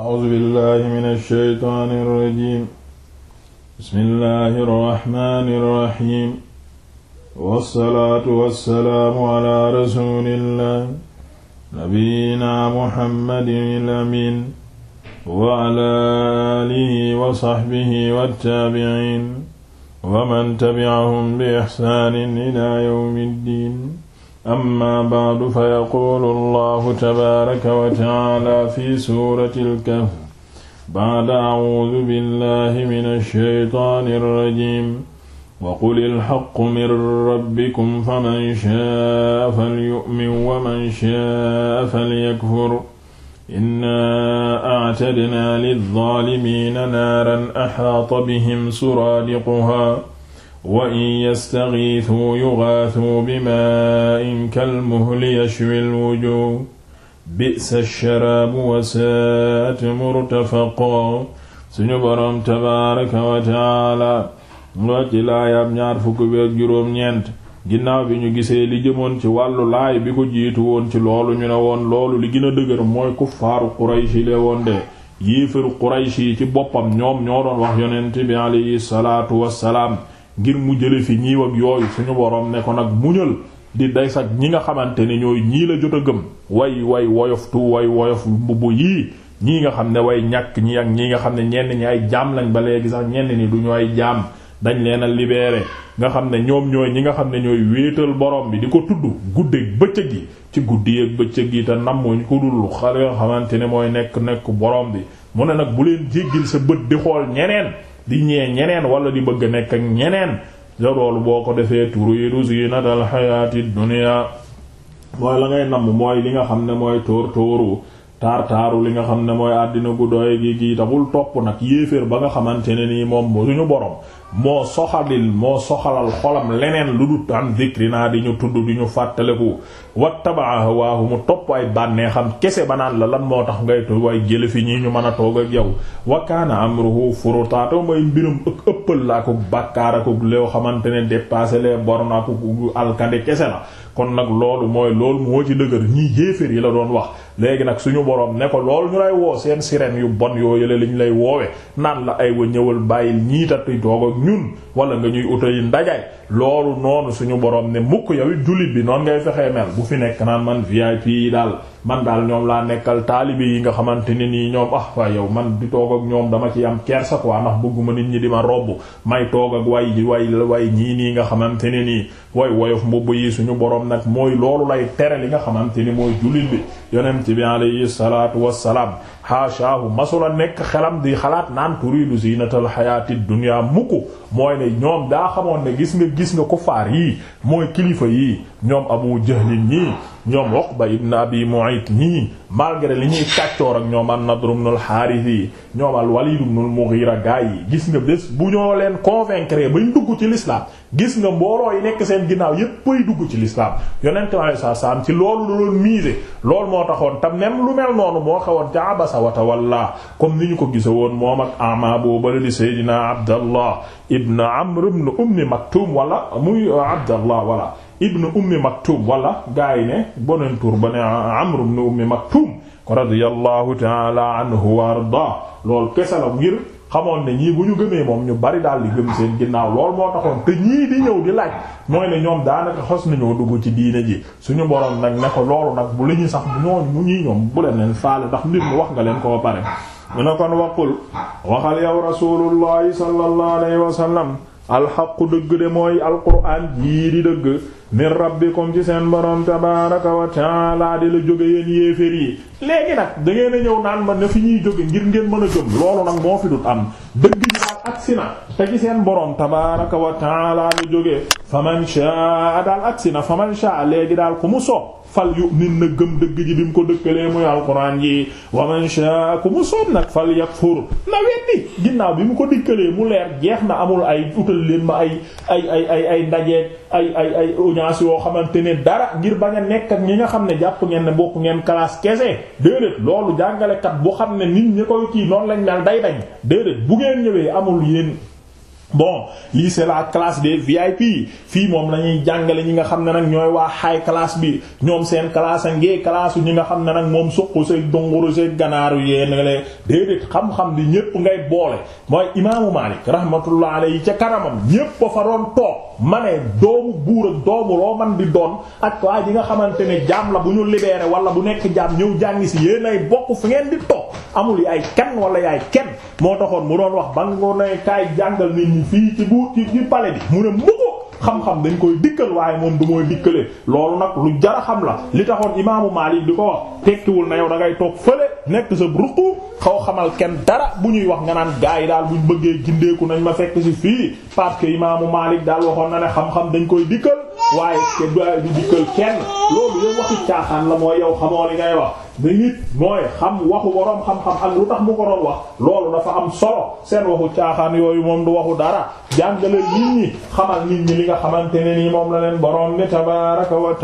أعوذ بالله من الشيطان الرجيم بسم الله الرحمن الرحيم والصلاة والسلام على رسول الله نبينا محمد الأمين وعلى آله وصحبه والتابعين ومن تبعهم بإحسان إلى يوم الدين amma bacdu fa yaquulu allahu tabaaraka wa tacaala fi suurati alkahf bacda acuudu billahi min alsheytaani alrajim wa quli alxaqu min rabbikum faman sha'a falyu'min wa man sha'a falyakfur innaa actadnaa lilzaalimiina naaran axaata bihim suraadiquhaa wa in yastagiituu yugaatuu bimaa'in kalmuhli yashwi alwujuuh bi'sa alsharaabu wa saa'at murtafaqaa suñu boroom tabaaraka wa taala loo ci laayaab ñaar fukki beeg juróom-ñeent ginnaaw bi ñu gisee li jëmoon ci wàllu laay bi ko jiitu woon ci loolu ñu ne woon loolu li gën a dëgër mooy kuffaaru qurayshi le woon de yéefaru qurayshi ci boppam ñoom ñoo doon wax yonent bi alayhi salaatu wassalaam ngir mu jële fi ñiiw ak yooyu suñu boroom ne ko nag muñal di des ak ñi nga xamante ne ñooy ñii la jot a gëm way way woyoftu way woyof mbubb yii ñii nga xam ne way ñàkk ñi ak ñii nga xam ne ñenn ñi ay jaam lañ ba léegi sax ñenn ni du ñu ay jaam dañ leen a libeere nga xam ne ñoom ñooy ñi nga xam ne ñooy wéetal borom bi di ko tudd guddeeg bëccëg yi ci guddi ak bëccëg yi te nammuñ ko dul xale nga xamante ne mooy nekk nekk borom bi mu ne nag bu leen jéggil sa bët di xool ñeneen di ñee ñeneen wala di bëgg nekk ak ñeneen da boo ko defee turiidu ziinatal xayaati dunya mooy la ngay namm mooy li nga xam ne mooy tóor tóoru taar taaru li nga xam ne mooy àddina gu doy gi gii taxul topp nag yéeféer ba nga xamante ne nii moom suñu borom moo soxalil moo soxalal xolam leneen lu dut an zikrina di ñu tudd di ñu fàttaleku wattabaa hawaahu mu topp ay bànneexam kese ba naan la lan moo tax ngay tu way jële ñii ñu mën a toog ak yow wa kaana amruhu furuta mooy mbirum ëk ëppal la ko bàkkaar ak loo xamante ne dépasser les bornes ak alkande kese la kon nag loolu mooy loolu moo ci dëgër ñii yéeféer yi la doon wax léegi nag suñu borom ne ko loolu ñu lay woo seen sirène yu bon yoo yële liñ lay woowe naan la ay wa ñëwal bàyyil ñiitati ñun wala nga ñuy oto yi ndajaay loolu noonu suñu borom ne mukk yow it jullit bi noonu ngay fexe mel bu fi nekk naan man VIP yi daal man daal ñoom laa nekkal taalibe yi nga xamante ne nii ñoom ah waaye yow man di toog ak ñoom dama ci am kersa quoi ndax bëgguma nit ñi di ma robb may toog ak waay ji way way ñii nii nga xamante ne nii way woyof mbubb yi suñu borom nag mooy loolu lay tere li nga xamante ni mooy jullit bi yeneen ci bi alayhi salaatu wassalaam haashaahu masula nekk xelam di xalaat naan turidu zinatal xayaati dunya mukk mooy ne ñoom daa xamoon ne gis nga gis nga ko faar yii mooy kilifa yii ñoom Abu Jahlin ñii ñoom Uqba ibn Abi Mu'ayt ñi malgré li ñuy kàccoor ak ñoom an-Nadr ibn al-Harith yi ñoom al-Walid ibn al-Mughira gaa yi gis nga bés bu ñoo leen convaincre bañ dugg ci l'islam gis nga mbooloo yi nekk seen ginnaaw yépp ay dugg ci l'islam yonente mi alei sat salaam ci loolu la doon miser loolu moo taxoon te même lu mel noonu moo xewoon ca Abasa wa tawalla comme ni ñu ko gisa woon moom ak ama boobale di Seydina Abdallah ibn Amr ibn Ummi Maktum wala muy ibn ummi maktum wala gaa yi ne boneen tur ba ne amr ibn ummi maktum radiyallahu taala anhu wa ardaa loolu kese ngir xamoon ne ñii bu ñu gëmee moom ñu bari daal di gëm seen ginnaaw lool moo taxoon te ñii di ñëw di laaj mooy ne ñoom daanaka xos nañoo dugg ci diine ji suñu boroom nag ne ko loolu nag bu la ñu sax ñooñ mu ñuy ñoom bu leen leen faale ndax mbir mi wax nga leen ko ba pare mu ne kon waqul waxal yow rasulullahi sallallahu alayhi alxaqu dëgg de mooy alquraan jii di dëgg min rabbikum ci seen borom tabaaraka wa taala di la jóge yéen yéeféer yi léegi nag da ngeen a ñëw naan ma ne fi ñuy jóge ngir ngeen mën a jëm loolu nag moo fi dut am dëgg ak si na te ci seen borom tabaaraka wa taala la jóge faman shaa daal ak na faman shaa léegi daal ku mu soob fal yu'min na gëm dëgg ji bi mu ko dëkkalee muy alquran ji wa man shaa ku mu soob nag fal yakfur na weddi ginnaaw bi mu ko dikkalee mu leer jeex na amul ay utal leen ma ay ay ay ay ay ndajeeg ay ay ay audience yoo xamante ne dara ngir bañ a nekk ak ñi nga xam ne jàpp ngeen ne bokk ngeen classe kese déedéet loolu jàngalekat bu xam ne nit ñi koy kii noonu lañ mel day dañ déedéet bu ngeen ñëwee amul yéen bon lii c'est la classe des VIP fii moom la ñuy jàngale ñi nga xam ne nag ñooy waa high class bi ñoom seen classe a ngee classe ñi nga xam ne nag moom suqu say dunguru say ganaaru yéenale déedéet xam-xam di ñépp ngay boole mooy imaamu Maalik rahmatullah yi ca kanamam ñépp a fa doon toog ma ne doomu buur ak doomu loo man di doon ak waa ji nga xamante ne jaam la bu ñu libéré wala bu nekk jaam ñëw jàngi si yéen ay bokk fi ngeen di toog amul yaay kenn wala yaay kenn moo taxoon mu doon wax ba nga fii ci bu ci pale bi mu ne mukko xam-xam dañ koy dikkal waaye moom du mooy dikkale loolu nag lu jara xam la li taxoon imaamu Maalik di ko wax tekkiwul na yow da ngay toog fële nekk sa ruq xaw xamal kenn dara bu ñuy wax nga naan gaa yi daal buñ bëggee gindeeku nañ ma fekk si fii parce que imaamu Maalik daal waxoon na ne xam-xam dañ koy dikkal waaye te du dikkal kenn loolu yow waxi caaxaan la mooy yow xamoo li wax ne nit mooy xam waxu boroom xam-xam ak lu tax mu ko doon wax loolu dafa am solo seen waxu caaxaan yooyu moom du waxu dara jàngale nit ñi li nga xamante ne nii moom la leen boroom ni tabaaraka wa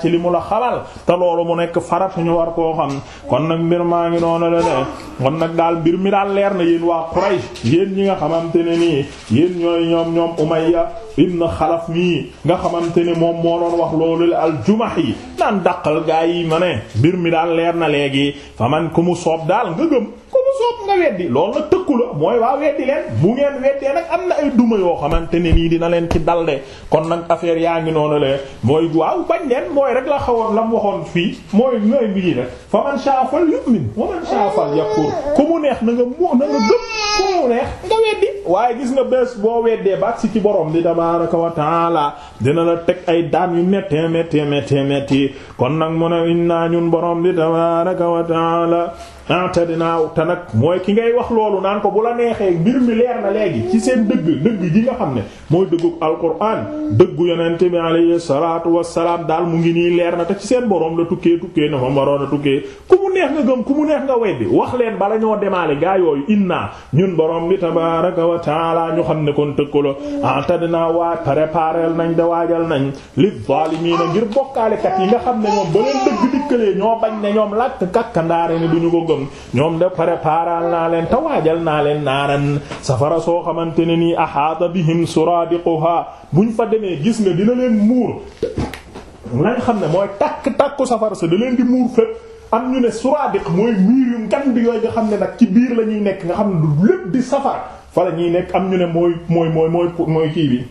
ci li mu la xamal te loolu mu nekk farata ñu war koo xam kon nag mbir maa ngi noonu la de kon nag daal mbir mi daal leer na yéen waa Quraysh yéen ñi nga xamante ne nii yéen ñooy ñoom ñoom Umayya ibn Xalaf mii nga xamante ne moom moo doon wax loolu la al Jumahi naan dàqal gaa yi ma ne mbir mi daal leer leer na léegi fa man ku mu soob daal nga gëm soob nga weddi mooy waa weddi leen bu ngeen weddee nag am na ay duma yoo xamante ni nii dina leen ci dal kon nag affaire yaa ngi noonu la mooy waaw bañ leen mooy rek la xawoon la mu waxoon fii mooy ñooy mbiri rek fa man saa fal yu'min wa man saa fal yakfur ku mu neex na nga mu na nga gëm ku mu neex nga weddi waaye gis nga bés boo weddee baat si ci borom di tabaaraka wa taala dina la teg ay daan yu méttee méttee méttee méttee kon nag mu antadinaaw ah te nag mooy ki ngay wax loolu naan ko bu la neexee mbir mi leer na léegi ci seen dëgg dëgg ji nga xam ne mooy dëggu alquran dëggu yonent bi alayhi salaatu wassalaam daal mu ngi nii leer na te ci seen borom la tukkee tukkee na fa waroon a tukkee ku mu neex nga gëm ku mu neex nga weddi wax leen bala ñoo demaale gaa yooyu inna ñun borom bi tabaaraka wa taala ñu xam ne kon tëkkaloo antadinaa ah waa préparel nañ da waajal nañ li zaalimiina yi nga xam ne ñoom gëm ñoom de préparal naa leen te waajal naa leen naaran safara soo xamante ne nii ahaata bihim bu ñu fa demee gis nga dina leen muur lañ xam ne mooy takk-takku safara sa da leen di muur fépp am ñu ne suradiq mooy miir yu bi yooyu xam ne nag ci biir la ñuy nekk nga xam ne du di safar fa ñuy nekk am ñu ne mooy mooy mooy mooy kii bi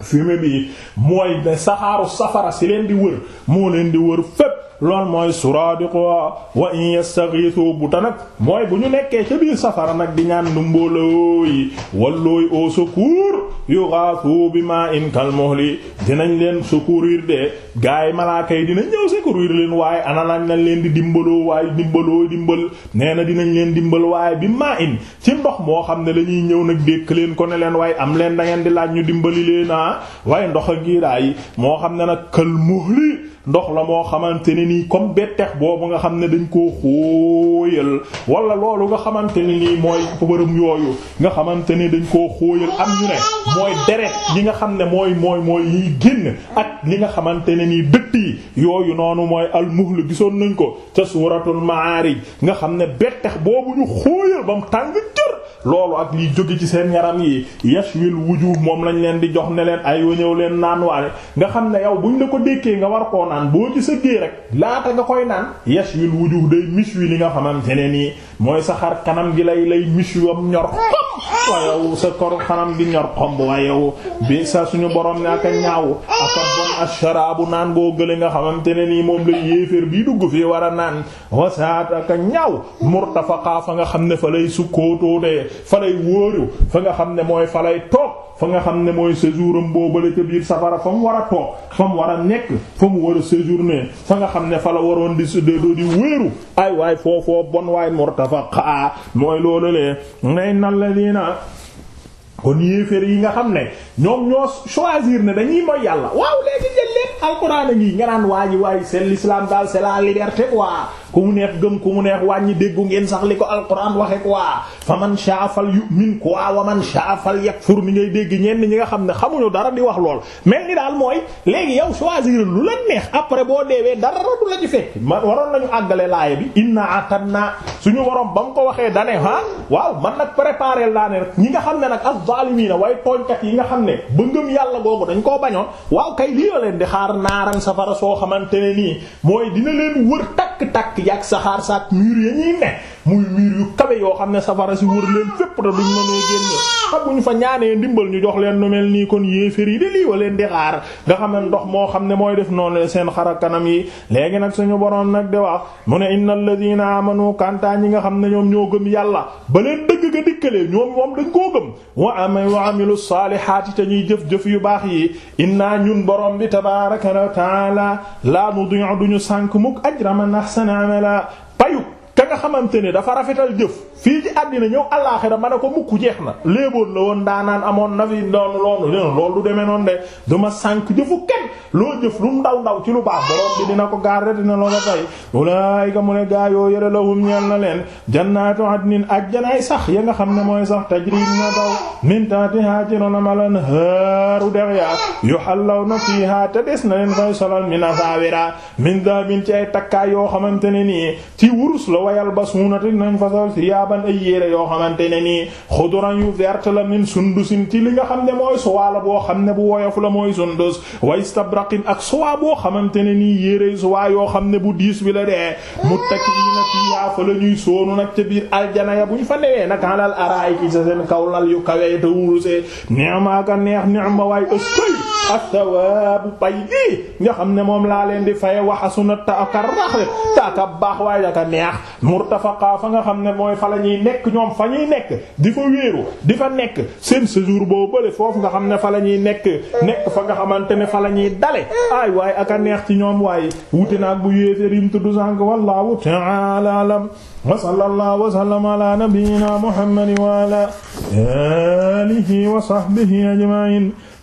fumée bi mooy saxaaru safara si leen di wër moo leen di wër fépp lool mooy suradiqoa wa in yastaghithu bu ta nag mooy bu ñu nekkee ca safara nag di ñaan numboolooyi wallooy au secours yughathu bima'in kalmuhli dinañ leen secourir de gaay malaaka yi dinañ ñëw secourir leen waaye ana lañ leen di dimbaloo waaye dimbaloo dimbal nee na dinañ leen dimbal waaye bima'in ci ndox moo xam ne la ñëw nag dékk leen ko ne leen waaye am leen da di laaj ñu dimbali leen ah waaye ndox ak gii daay moo xam ne nag kalmuhli ndox la moo xamante ne nii comme bettex boobu nga xam ne dañ koo xóoyal wala loolu nga xamante ne nii mooy bërëm yooyu nga xamante ni dañ koo xóoyal am ñu ne mooy deret yi nga xam ne mooy mooy mooy yiy génn ak li nga xamante ne nii dëtt yi yooyu noonu mooy almuhlu gisoon nañ ko ca suuratul maarij nga xam ne bettex boobu ñu xóoyal bam tàng jër loolu ak liy jóge ci seen yaram yi yashwil wujuh moom lañ leen di jox ne leen ay ñëw leen naan waale nga xam ne yow buñ la ko dékkee nga war koo naan boo ci sëggee rek laata nga koy naan yes wil wujuh day mis wi li nga xamante ne nii mooy sa xar kanam gi lay lay mis wam ñor xom wayow sa kor kanam gi ñor xomb bi sa suñu borom ne ak a ñaaw ak a bon asharabu naan goo gële nga xamante ne nii moom lay yéeféer bi dugg fii war a naan wasaat ak a ñaaw murtafaqa fa nga xam ne fa lay sukkootootee fa lay wóoru fa nga xam ne mooy fa lay toog fa nga xam ne mooy séjouram boobale ca biir safara fa mu war a toog fa mu war a nekk fa mu war a séjourner fa nga xam ne fa la waroon di wéeru ay waay foofoo bon waay murtafaqa mooy loolu lee ngay nal la diina kon yéeféer yi nga xam ne ñoom ñoo choisir ne dañuy mooy yàlla waaw léegi jël leen alxuraan a ngi nga naan waa ji waay c'est l'islam daal c'est liberté quoi ku mu neex gëm ku mu neex wàññi déggu ngeen sax ko alquran waxe quoi fa man sha'a falyu'min quoi wa man sha'a falyakfur ni ngay dégg ñenn ñi nga xam ne xamuñu dara di wax lool mel ni daal mooy léegi yow choisir lu la neex après boo deewee dara du la ci fekk ma waroon nañu àggale laaya bi inna atanna suñu borom ba mu ko waxee dane ha waaw man nag préparer laa ne rek ñi nga xam ne nag az-zaalimiina way tooñkat yi nga xam ne ba ngëm yàlla googu dañ koo bañoon waaw kay lii la leen di xaar yàgg saxaar saak mur ya ñuy ne muy miir yu kawe yoo xam ne safara si wër leen fépp te duñ mënee génn te buñ fa ñaanee ndimbal ñu jox leen nu mel nii kon yéefér yi de lii wa leen di xaar nga xam ne ndox moo xam ne mooy def noonu seen xara kanam yi léegi nag suñu boroom nag di wax mu ne innal ladina amanu kantaa ñi nga xam ne ñoom ñoo gëm yàlla ba leen dëgg ga dikkalee ñoom moom dañ koo gëm wa am wa amilu yi te ñuy jëf-jëf yu baax yi inna ñun boroom bi tabaraka wa taala la nudi'u duñu sànk mukk ajra man ahsana amala nga xamante ne dafa rafetal jëf fii ci àddina ñëw àllaaxira ma ne ko mukk jeex na léeboon la woon daanaan amoon na fi doon loolu loolu du demee noonu de dama sànk jëfu kenn loo jëf lu ndaw ndaw ci lu baax borom bi dina ko gaar dina a tay ulaayika mu ne gaa yoo yëre lahum ñeel na leen jannaatu adnin ajjanaay sax ya nga xam ne mooy sax tajri na daw min tahtihaa ci ronam al-anhaaru derrière yuhallawna fiihaa te des na leen koy solal min asaawira min dahabin ci ay takkaay yoo ne nii ci wurus la wayal siyaaban ay yére yoo xamante ne nii yu verte la sundusin ci li nga ne mooy suwaa la boo xam ne bu woyof la mooy sundus wa istabraqin ak suwaa boo xamante ni nii yére suwaa yoo xam ne bu diis bi la dee muttakiina fiihaa fa la ñuy soonu nag ca biir aljana ya bu ñu fa newee nag alal araay ci seen kaw yu kawe te wurusee neex maa ka neex neex ma waay ëskay athawaabu pay gi nga xam ne moom laa leen di faye waxasuna taaka rax taaka baax waaye aka neex murtafaqa fa nga xam ne mooy fa la ñuy nekk ñoom fa ñuy nekk di fa wéeru di fa nekk seen séjour boo bële foofu nga xam ne fa la ñuy nekk nekk fa nga xamante ne fa la ñuy dale aay waaye aka neex ci ñoom waay wuti naag bu yéeférim tuddu sànk wallahu ta'ala alam wa sallallahu wa sallama ala nabiyyina muhammadin wa ala wa sahbihi ajma'in